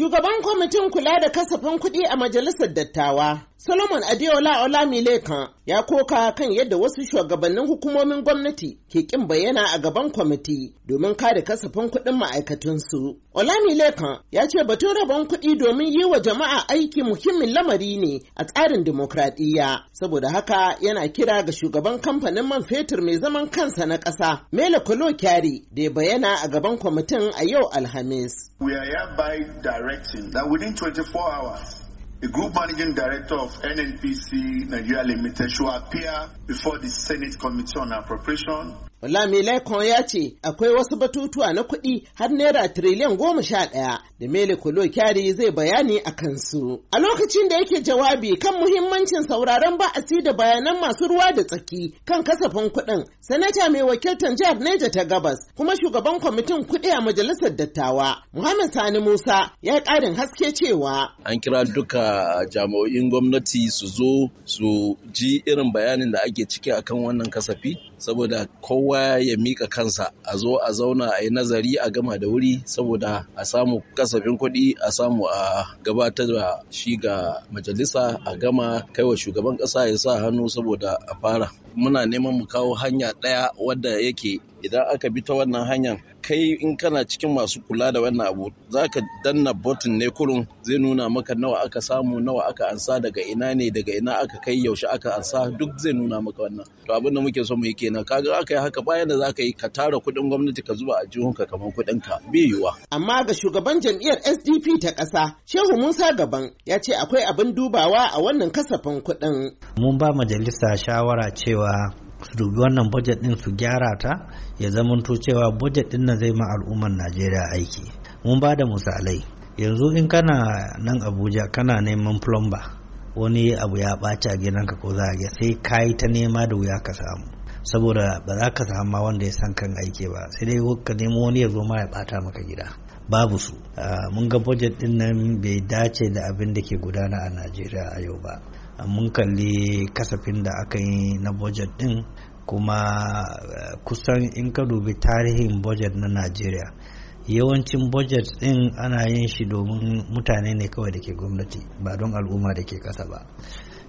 Shugaban kwamitin kula da kasafin kuɗi a majalisar dattawa, Solomon Adeola Olamilekan ya koka kan yadda wasu shugabannin hukumomin gwamnati ke kin bayyana a gaban kwamiti domin kare kasafin kuɗin ma'aikatunsu. kan ya ce batun rabon kuɗi domin yi wa jama'a aiki muhimmin lamari ne a tsarin dimokuraɗiyya. Saboda haka yana kira ga shugaban kamfanin man fetur mai zaman kansa na ƙasa Mele Kolo Kyari da ya bayyana a gaban kwamitin a yau Alhamis. We are hereby directing that within 24 hours the Group Managing Director of NNPC Nigeria Limited, should appear before the Senate Committee on Appropriation laikon ya ce akwai wasu batutuwa na kuɗi har naira tiriliyan goma sha ɗaya da Mele Kolo Kyari zai bayani a kansu. A lokacin da yake jawabi kan muhimmancin sauraron ba'asi da bayanan masu ruwa da tsaki kan kasafin kuɗin, sanata mai wakiltar jihar Neja ta Gabas kuma shugaban kwamitin kuɗi a majalisar dattawa Muhammad Sani Musa ya yi ƙarin haske cewa. An kira duka jami'o'in gwamnati su zo su ji irin bayanin da ake ciki akan wannan kasafi saboda kowa ya mika kansa a zo a zauna a yi nazari a gama da wuri saboda a samu kasafin kuɗi a samu a gabatar da shi ga majalisa a gama kaiwa shugaban ƙasa ya sa hannu saboda a fara muna neman mu kawo hanya ɗaya wadda yake idan aka bi ta wannan hanyar kai in kana cikin masu kula da wannan abu za ka danna botin ne kurun zai nuna maka nawa aka samu nawa aka ansa daga ina ne daga ina aka kai yaushe aka ansa duk zai nuna maka wannan to abin da muke so mu yi kenan kaga aka yi haka bayan da za ka yi ka tara kuɗin gwamnati ka zuba a jihunka kamar kuɗin ka bai yiwa. amma ga shugaban jam'iyyar sdp ta ƙasa shehu musa gaban ya ce akwai abin dubawa a wannan kasafin kuɗin. mun ba majalisa shawara cewa su dubi wannan budget din su gyara ta ya zamanto cewa budget din nan zai ma al'ummar najeriya aiki mun ba da misalai yanzu in kana nan abuja kana neman plumber wani abu ya ɓaci a gidanka ko za a sai ka ta nema da wuya ka samu saboda ba za ka samu wanda ya san kan aiki ba sai dai ka nemo wani ya zo ma ya bata maka gida babu su mun ga budget din nan bai dace da abin da ke gudana a najeriya a yau ba mun kalli kasafin da aka yi na budget din kuma kusan in ka dubi tarihin budget na najeriya yawancin budget din ana yin shi domin mutane ne kawai da ke gwamnati ba don al'umma da ke kasa ba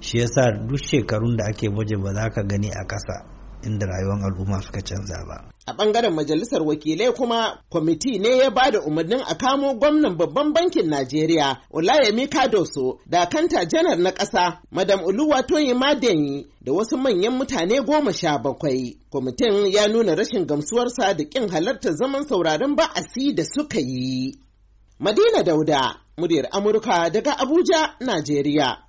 shi yasa duk shekarun da ake budget ba za ka gani a kasa inda rayuwar al'umma suka canza ba. A ɓangaren majalisar wakilai kuma kwamiti ne ya ba da umarnin a kamo gwamnan babban bankin Najeriya Olayemi Kadoso da kanta janar na ƙasa Madam Oluwatoyin Madenyi da wasu manyan mutane goma sha bakwai. Kwamitin ya nuna rashin gamsuwarsa da ƙin halarta zaman sauraron ba'asi da suka yi. Madina Dauda, muryar Amurka daga Abuja, Najeriya.